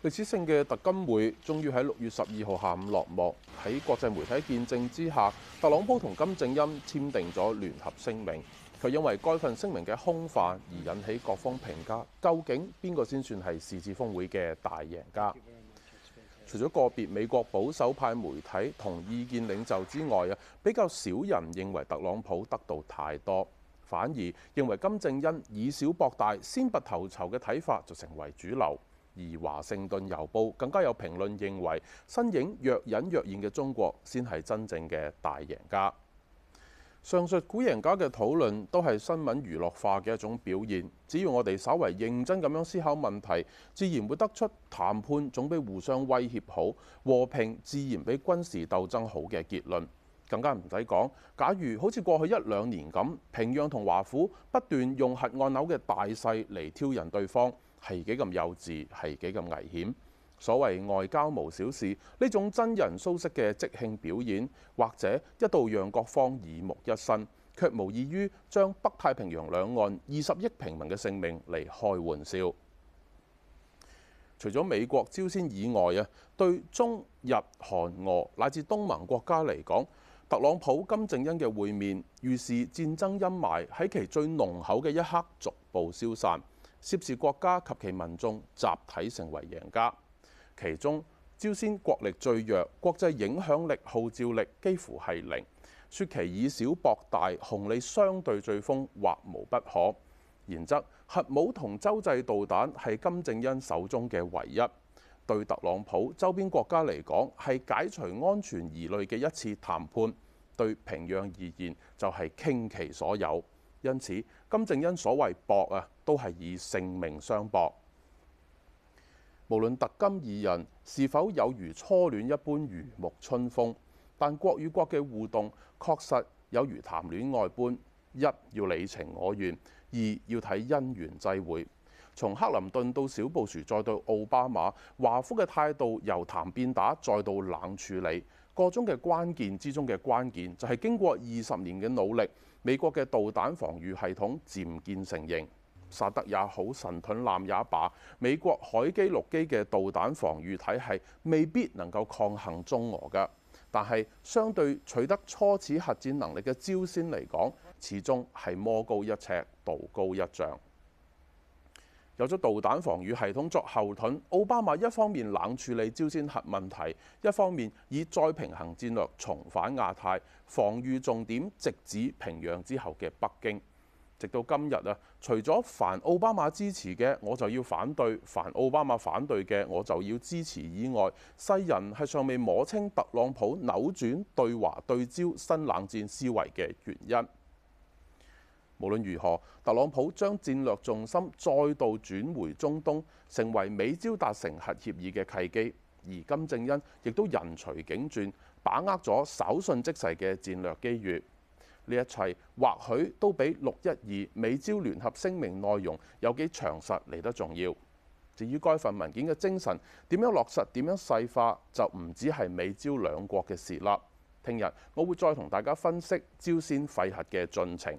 歷史性嘅特金會終於喺六月十二號下午落幕，喺國際媒體見證之下，特朗普同金正恩簽訂咗聯合聲明。佢因為該份聲明嘅空泛而引起各方評價。究竟邊個先算係是次峰會嘅大贏家？除咗個別美國保守派媒體同意見領袖之外啊，比較少人認為特朗普得到太多，反而認為金正恩以小博大、先拔頭籌嘅睇法就成為主流。而《華盛頓郵報》更加有評論認為，身影若隱若現嘅中國先係真正嘅大贏家。上述股贏家嘅討論都係新聞娛樂化嘅一種表現。只要我哋稍為認真咁樣思考問題，自然會得出談判總比互相威脅好，和平自然比軍事鬥爭好嘅結論。更加唔使講，假如好似過去一兩年咁，平壤同華府不斷用核按鈕嘅大細嚟挑釁對方。係幾咁幼稚，係幾咁危險。所謂外交無小事，呢種真人蘇式嘅即興表演，或者一度讓各方耳目一新，卻無異於將北太平洋兩岸二十億平民嘅性命嚟開玩笑。除咗美國朝先朝鮮以外啊，對中日韓俄乃至東盟國家嚟講，特朗普金正恩嘅會面，預示戰爭陰霾喺其最濃厚嘅一刻逐步消散。涉事國家及其民眾集體成為贏家，其中朝鮮國力最弱，國際影響力、號召力幾乎係零，説其以小博大，紅利相對最豐，或無不可。然則核武同洲際導彈係金正恩手中嘅唯一，對特朗普、周邊國家嚟講係解除安全疑慮嘅一次談判，對平壤而言就係、是、傾其所有。因此，金正恩所謂搏啊，都係以性命相搏。無論特金二人是否有如初戀一般如沐春風，但國與國嘅互動確實有如談戀愛般：一要你情我願，二要睇姻緣際會。從克林頓到小布殊，再到奧巴馬，華府嘅態度由談變打，再到冷處理。個中嘅關鍵之中嘅關鍵，就係、是、經過二十年嘅努力，美國嘅導彈防禦系統漸見成形。薩德也好，神盾艦也罷，美國海基陸基嘅導彈防禦體系未必能夠抗衡中俄嘅。但係相對取得初始核戰能力嘅朝鮮嚟講，始終係魔高一尺，道高一丈。有咗導彈防禦系統作後盾，奧巴馬一方面冷處理朝鮮核問題，一方面以再平衡戰略重返亞太，防禦重點直指平壤之後嘅北京。直到今日啊，除咗凡奧巴馬支持嘅，我就要反對，凡奧巴馬反對嘅，我就要支持以外，世人係尚未摸清特朗普扭轉對華對朝新冷戰思維嘅原因。無論如何，特朗普將戰略重心再度轉回中東，成為美朝達成核協議嘅契機。而金正恩亦都人隨境轉，把握咗稍縱即逝嘅戰略機遇。呢一切或許都比六一二美朝聯合聲明內容有幾詳實嚟得重要。至於該份文件嘅精神點樣落實、點樣細化，就唔止係美朝兩國嘅事啦。聽日我會再同大家分析朝鮮廢核嘅進程。